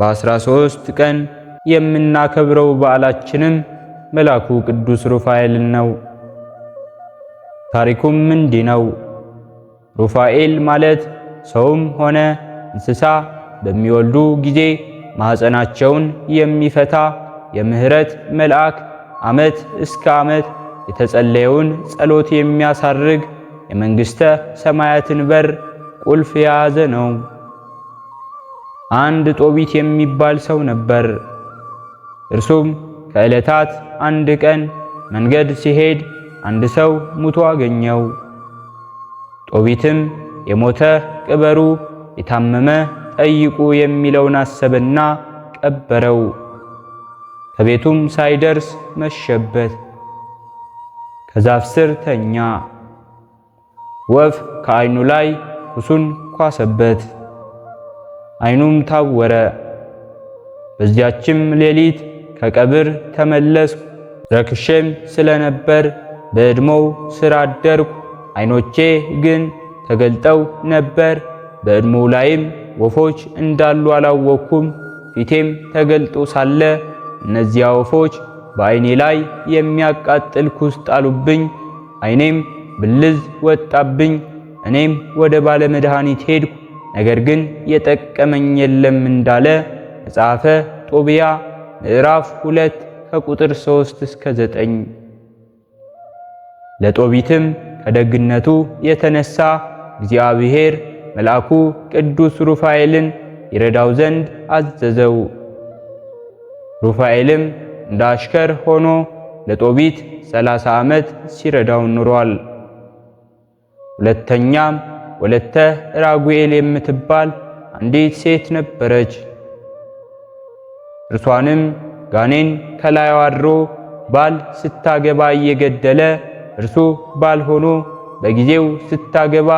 በአስራ ሦስት ቀን የምናከብረው በዓላችንም መልአኩ ቅዱስ ሩፋኤልን ነው። ታሪኩም እንዲህ ነው። ሩፋኤል ማለት ሰውም ሆነ እንስሳ በሚወልዱ ጊዜ ማኅፀናቸውን የሚፈታ የምሕረት መልአክ፣ ዓመት እስከ ዓመት የተጸለየውን ጸሎት የሚያሳርግ የመንግሥተ ሰማያትን በር ቁልፍ የያዘ ነው። አንድ ጦቢት የሚባል ሰው ነበር። እርሱም ከዕለታት አንድ ቀን መንገድ ሲሄድ አንድ ሰው ሙቶ አገኘው። ጦቢትም የሞተ ቅበሩ፣ የታመመ ጠይቁ የሚለውን አሰበና ቀበረው። ከቤቱም ሳይደርስ መሸበት። ከዛፍ ስር ተኛ። ወፍ ከዓይኑ ላይ ኩሱን ኳሰበት። አይኑም ታወረ። በዚያችም ሌሊት ከቀብር ተመለስኩ። ረክሼም ስለነበር በዕድሞው ስራ አደርኩ። አይኖቼ ግን ተገልጠው ነበር። በዕድሞው ላይም ወፎች እንዳሉ አላወቅኩም። ፊቴም ተገልጦ ሳለ እነዚያ ወፎች በአይኔ ላይ የሚያቃጥል ኩስ ጣሉብኝ። አይኔም ብልዝ ወጣብኝ። እኔም ወደ ባለ መድሃኒት ሄድኩ። ነገር ግን የጠቀመኝ የለም እንዳለ መጽሐፈ ጦቢያ ምዕራፍ 2 ከቁጥር 3 እስከ ዘጠኝ ለጦቢትም ከደግነቱ የተነሳ እግዚአብሔር መልአኩ ቅዱስ ሩፋኤልን ይረዳው ዘንድ አዘዘው። ሩፋኤልም እንደ አሽከር ሆኖ ለጦቢት ሰላሳ ዓመት ሲረዳው ኑሯል። ሁለተኛም ወለተ ራጉኤል የምትባል አንዲት ሴት ነበረች። እርሷንም ጋኔን ከላይ አድሮ ባል ስታገባ እየገደለ እርሱ ባል ሆኖ በጊዜው ስታገባ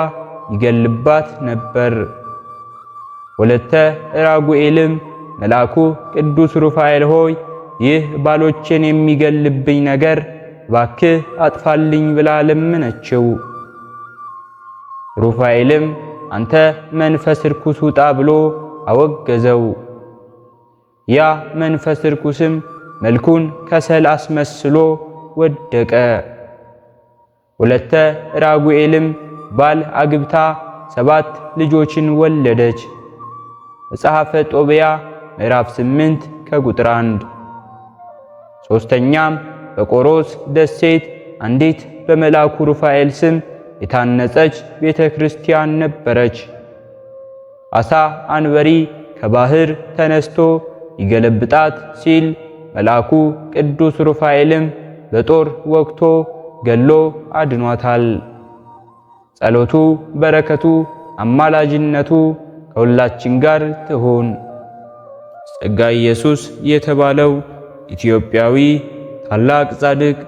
ይገልባት ነበር። ወለተ ራጉኤልም መልአኩ ቅዱስ ሩፋኤል ሆይ ይህ ባሎችን የሚገልብኝ ነገር ባክ አጥፋልኝ ብላ ለመነችው። ሩፋኤልም አንተ መንፈስ ርኩስ ውጣ ብሎ አወገዘው። ያ መንፈስ ርኩስም መልኩን ከሰል አስመስሎ ወደቀ። ሁለተ ራጉኤልም ባል አግብታ ሰባት ልጆችን ወለደች። መጽሐፈ ጦቢያ ምዕራፍ 8 ከቁጥር 1። ሶስተኛም በቆሮስ ደሴት አንዲት በመልአኩ ሩፋኤል ስም የታነጸች ቤተ ክርስቲያን ነበረች። አሳ አንበሪ ከባህር ተነስቶ ይገለብጣት ሲል መልአኩ ቅዱስ ሩፋኤልም በጦር ወግቶ ገሎ አድኗታል። ጸሎቱ፣ በረከቱ፣ አማላጅነቱ ከሁላችን ጋር ትሆን። ጸጋ ኢየሱስ የተባለው ኢትዮጵያዊ ታላቅ ጻድቅ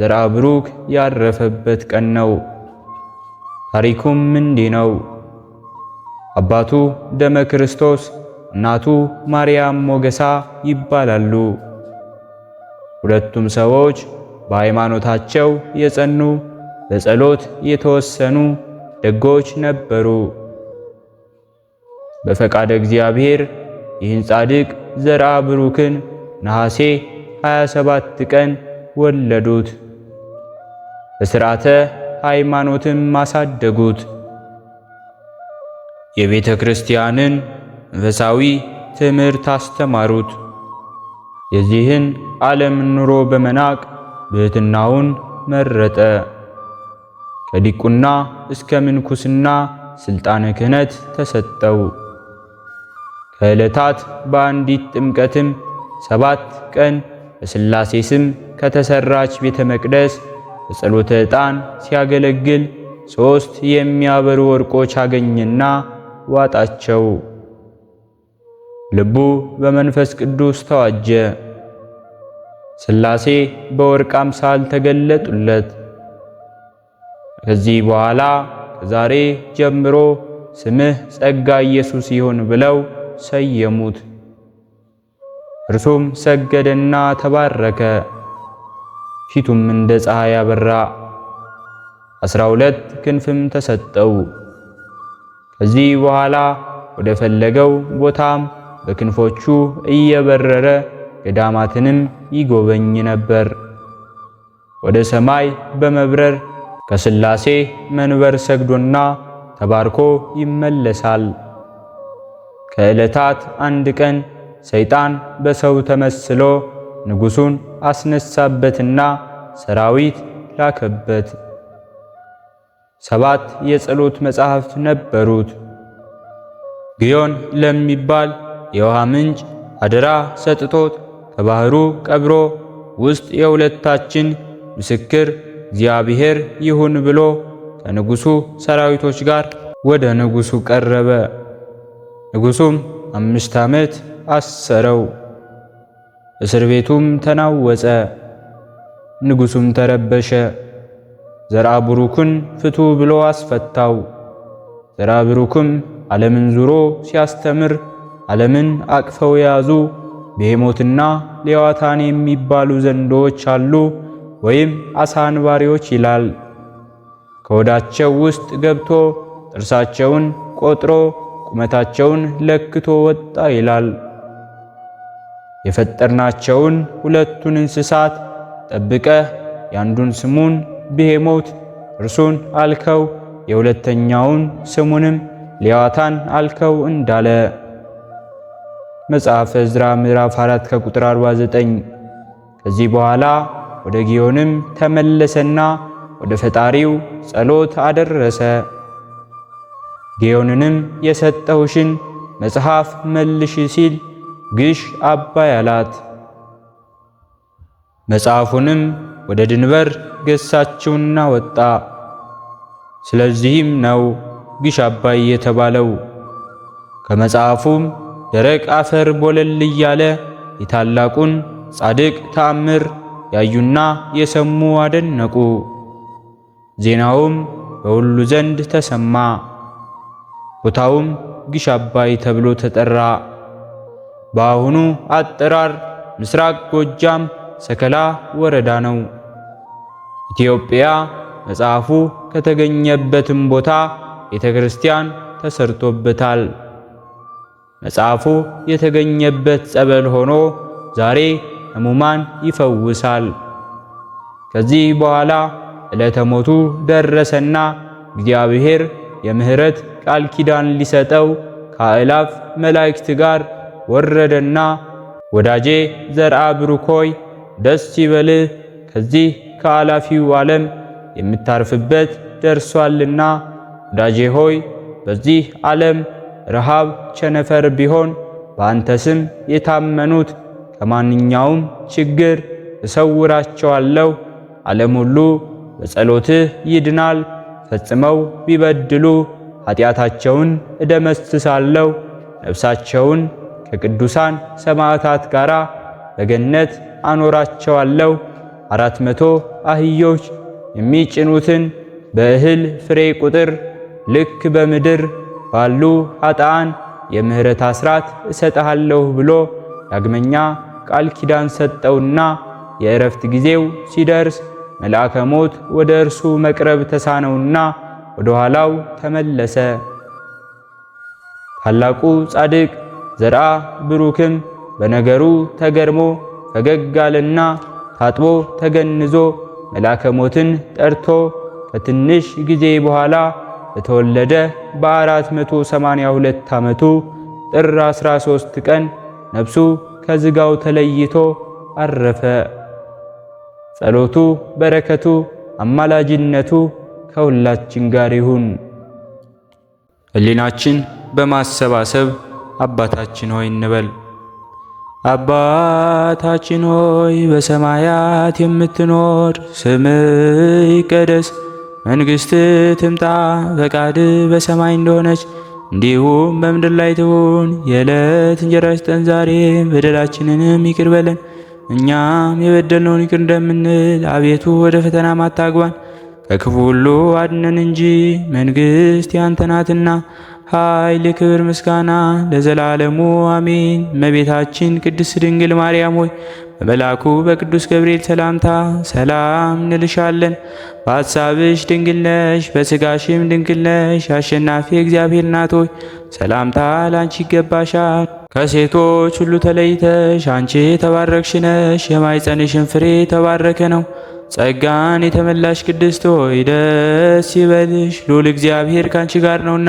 ዘርአብሩክ ብሩክ ያረፈበት ቀን ነው። ታሪኩም እንዲህ ነው። አባቱ ደመ ክርስቶስ፣ እናቱ ማርያም ሞገሳ ይባላሉ። ሁለቱም ሰዎች በሃይማኖታቸው የጸኑ በጸሎት የተወሰኑ ደጎች ነበሩ። በፈቃደ እግዚአብሔር ይህን ጻድቅ ዘርአ ብሩክን ነሐሴ 27 ቀን ወለዱት። በሥርዓተ ሃይማኖትም አሳደጉት። የቤተ ክርስቲያንን መንፈሳዊ ትምህርት አስተማሩት። የዚህን ዓለም ኑሮ በመናቅ ብሕትናውን መረጠ። ከዲቁና እስከ ምንኩስና ሥልጣነ ክህነት ተሰጠው። ከዕለታት በአንዲት ጥምቀትም ሰባት ቀን በሥላሴ ስም ከተሠራች ቤተ መቅደስ በጸሎተ ዕጣን ሲያገለግል ሦስት የሚያበሩ ወርቆች አገኘና ዋጣቸው። ልቡ በመንፈስ ቅዱስ ተዋጀ። ሥላሴ በወርቅ አምሳል ተገለጡለት። ከዚህ በኋላ ከዛሬ ጀምሮ ስምህ ጸጋ ኢየሱስ ይሁን ብለው ሰየሙት። እርሱም ሰገደና ተባረከ። ፊቱም እንደ ፀሐይ አበራ። አስራ ሁለት ክንፍም ተሰጠው። ከዚህ በኋላ ወደ ፈለገው ቦታም በክንፎቹ እየበረረ ገዳማትንም ይጎበኝ ነበር። ወደ ሰማይ በመብረር ከስላሴ መንበር ሰግዶና ተባርኮ ይመለሳል። ከዕለታት አንድ ቀን ሰይጣን በሰው ተመስሎ ንጉሱን ። አስነሳበትና ሰራዊት ላከበት። ሰባት የጸሎት መጻሕፍት ነበሩት። ግዮን ለሚባል የውሃ ምንጭ አደራ ሰጥቶት ከባህሩ ቀብሮ ውስጥ የሁለታችን ምስክር እግዚአብሔር ይሁን ብሎ ከንጉሱ ሰራዊቶች ጋር ወደ ንጉሱ ቀረበ። ንጉሱም አምስት ዓመት አሰረው። እስር ቤቱም ተናወጸ፣ ንጉሡም ተረበሸ። ዘርአ ብሩክን ፍቱ ብሎ አስፈታው። ዘርአ ብሩክም ዓለምን ዙሮ ሲያስተምር ዓለምን አቅፈው የያዙ ብሄሞትና ሌዋታን የሚባሉ ዘንዶዎች አሉ ወይም አሳ አንባሪዎች ይላል። ከወዳቸው ውስጥ ገብቶ ጥርሳቸውን ቆጥሮ ቁመታቸውን ለክቶ ወጣ ይላል። የፈጠርናቸውን ሁለቱን እንስሳት ጠብቀህ የአንዱን ስሙን ብሄሞት እርሱን አልከው፣ የሁለተኛውን ስሙንም ሊያዋታን አልከው እንዳለ መጽሐፈ ዕዝራ ምዕራፍ 4 ከቁጥር 49። ከዚህ በኋላ ወደ ጊዮንም ተመለሰና ወደ ፈጣሪው ጸሎት አደረሰ። ጊዮንንም የሰጠውሽን መጽሐፍ መልሽ ሲል ግሽ አባይ አላት። መጽሐፉንም ወደ ድንበር ገሳችውና ወጣ። ስለዚህም ነው ግሽ አባይ የተባለው። ከመጽሐፉም ደረቅ አፈር ቦለል እያለ የታላቁን ጻድቅ ተአምር ያዩና የሰሙ አደነቁ። ዜናውም በሁሉ ዘንድ ተሰማ። ቦታውም ግሽ አባይ ተብሎ ተጠራ። በአሁኑ አጠራር ምስራቅ ጎጃም ሰከላ ወረዳ ነው። ኢትዮጵያ መጽሐፉ ከተገኘበትም ቦታ ቤተ ክርስቲያን ተሰርቶበታል። መጽሐፉ የተገኘበት ጸበል ሆኖ ዛሬ ሕሙማን ይፈውሳል። ከዚህ በኋላ ዕለተ ሞቱ ደረሰና እግዚአብሔር የምሕረት ቃል ኪዳን ሊሰጠው ከአእላፍ መላእክት ጋር ወረደና ወዳጄ ዘርአ ብሩኮይ ደስ ይበልህ ከዚህ ከአላፊው ዓለም የምታርፍበት ደርሷልና ወዳጄ ሆይ በዚህ ዓለም ረሃብ ቸነፈር ቢሆን በአንተ ስም የታመኑት ከማንኛውም ችግር እሰውራቸዋለሁ። ዓለም ሁሉ በጸሎትህ ይድናል። ፈጽመው ቢበድሉ ኃጢአታቸውን እደመስሳለሁ፣ ነፍሳቸውን ከቅዱሳን ሰማዕታት ጋር በገነት አኖራቸዋለሁ። አራት መቶ አህዮች የሚጭኑትን በእህል ፍሬ ቁጥር ልክ በምድር ባሉ አጣን የምህረት አስራት እሰጥሃለሁ ብሎ ዳግመኛ ቃል ኪዳን ሰጠውና የእረፍት ጊዜው ሲደርስ መልአከ ሞት ወደ እርሱ መቅረብ ተሳነውና ወደ ኋላው ተመለሰ። ታላቁ ጻድቅ ዘርአ ብሩክም በነገሩ ተገርሞ ፈገግ አለና ታጥቦ ተገንዞ መላከ ሞትን ጠርቶ ከትንሽ ጊዜ በኋላ በተወለደ በ482 ዓመቱ ጥር 13 ቀን ነፍሱ ከዝጋው ተለይቶ አረፈ። ጸሎቱ፣ በረከቱ፣ አማላጅነቱ ከሁላችን ጋር ይሁን። ህሊናችን በማሰባሰብ አባታችን ሆይ እንበል። አባታችን ሆይ በሰማያት የምትኖር፣ ስምህ ይቀደስ፣ መንግሥት ትምጣ፣ ፈቃድ በሰማይ እንደሆነች እንዲሁም በምድር ላይ ትሁን። የዕለት እንጀራችንን ስጠን ዛሬ፣ በደላችንንም ይቅር በለን እኛም የበደልነውን ይቅር እንደምንል፣ አቤቱ ወደ ፈተና አታግባን፣ ከክፉ ሁሉ አድነን እንጂ መንግሥት ያንተ ናትና ኃይል፣ ክብር፣ ምስጋና ለዘላለሙ አሜን። እመቤታችን ቅድስት ድንግል ማርያም ሆይ በመልአኩ በቅዱስ ገብርኤል ሰላምታ ሰላም እንልሻለን። በሐሳብሽ ድንግል ነሽ፣ በሥጋሽም ድንግል ነሽ። አሸናፊ እግዚአብሔር እናት ሆይ ሰላምታ ላንቺ ይገባሻል። ከሴቶች ሁሉ ተለይተሽ አንቺ የተባረክሽ ነሽ፣ የማይጸንሽን ፍሬ የተባረከ ነው። ጸጋን የተመላሽ ቅድስት ሆይ ደስ ይበልሽ፣ ልዑል እግዚአብሔር ካንቺ ጋር ነውና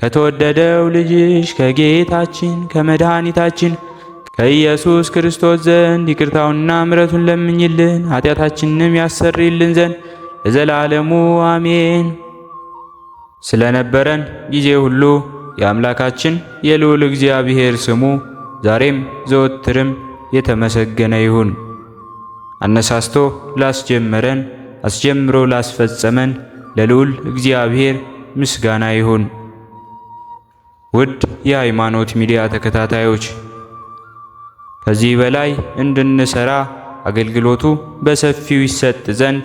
ከተወደደው ልጅሽ ከጌታችን ከመድኃኒታችን ከኢየሱስ ክርስቶስ ዘንድ ይቅርታውንና ምረቱን ለምኝልን ኃጢአታችንንም ያሰርይልን ዘንድ ለዘላለሙ አሜን። ስለነበረን ጊዜ ሁሉ የአምላካችን የልዑል እግዚአብሔር ስሙ ዛሬም ዘወትርም የተመሰገነ ይሁን። አነሳስቶ ላስጀመረን አስጀምሮ ላስፈጸመን ለልዑል እግዚአብሔር ምስጋና ይሁን። ውድ የሃይማኖት ሚዲያ ተከታታዮች ከዚህ በላይ እንድንሰራ አገልግሎቱ በሰፊው ይሰጥ ዘንድ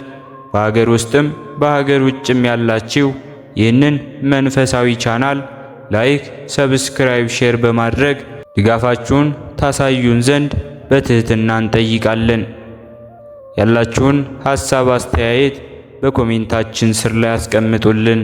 በሀገር ውስጥም በሀገር ውጭም ያላችሁ ይህንን መንፈሳዊ ቻናል ላይክ፣ ሰብስክራይብ፣ ሼር በማድረግ ድጋፋችሁን ታሳዩን ዘንድ በትህትና እንጠይቃለን። ያላችሁን ሐሳብ፣ አስተያየት በኮሜንታችን ስር ላይ አስቀምጡልን።